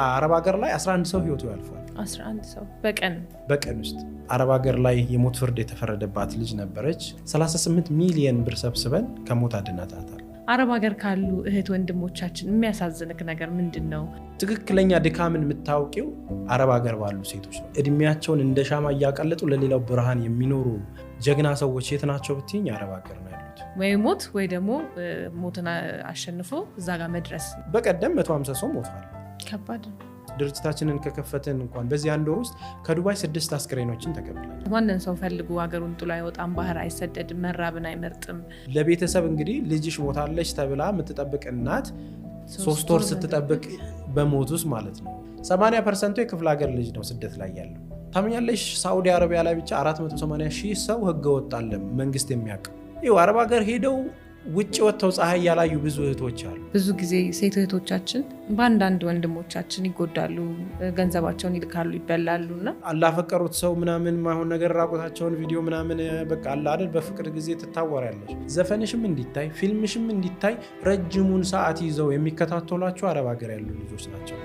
አረብ ሀገር ላይ 11 ሰው ህይወቱ ያልፏል። 11 ሰው በቀን በቀን ውስጥ አረብ ሀገር ላይ የሞት ፍርድ የተፈረደባት ልጅ ነበረች። 38 ሚሊየን ብር ሰብስበን ከሞት አድናታታል። አረብ ሀገር ካሉ እህት ወንድሞቻችን የሚያሳዝንክ ነገር ምንድን ነው? ትክክለኛ ድካምን የምታውቂው አረብ ሀገር ባሉ ሴቶች ነው። እድሜያቸውን እንደ ሻማ እያቀለጡ ለሌላው ብርሃን የሚኖሩ ጀግና ሰዎች የት ናቸው ብትኝ፣ አረብ ሀገር ነው ያሉት። ወይ ሞት ወይ ደግሞ ሞትን አሸንፎ እዛ ጋር መድረስ። በቀደም 150 ሰው ሞቷል። ከባድ ነው። ድርጅታችንን ከከፈትን እንኳን በዚህ አንድ ወር ውስጥ ከዱባይ ስድስት አስክሬኖችን ተቀብለን። ማንን ሰው ፈልጉ ሀገሩን ጥሎ አይወጣም፣ ባህር አይሰደድም፣ መራብን አይመርጥም። ለቤተሰብ እንግዲህ ልጅሽ ሞታለች ተብላ የምትጠብቅ እናት ሶስት ወር ስትጠብቅ በሞት ውስጥ ማለት ነው። 80 ፐርሰንቱ የክፍለ ሀገር ልጅ ነው ስደት ላይ ያለው። ታምኛለሽ? ሳዑዲ አረቢያ ላይ ብቻ 480 ሺህ ሰው ህገወጥ አለ መንግስት የሚያውቅ ይኸው አረብ ሀገር ሄደው ውጭ ወጥተው ፀሐይ ያላዩ ብዙ እህቶች አሉ። ብዙ ጊዜ ሴት እህቶቻችን በአንዳንድ ወንድሞቻችን ይጎዳሉ፣ ገንዘባቸውን ይልካሉ፣ ይበላሉ እና አላፈቀሩት ሰው ምናምን ማይሆን ነገር ራቆታቸውን ቪዲዮ ምናምን በቃ አላደል በፍቅር ጊዜ ትታወሪያለሽ። ዘፈንሽም እንዲታይ ፊልምሽም እንዲታይ ረጅሙን ሰዓት ይዘው የሚከታተሏቸው አረብ ሀገር ያሉ ልጆች ናቸው።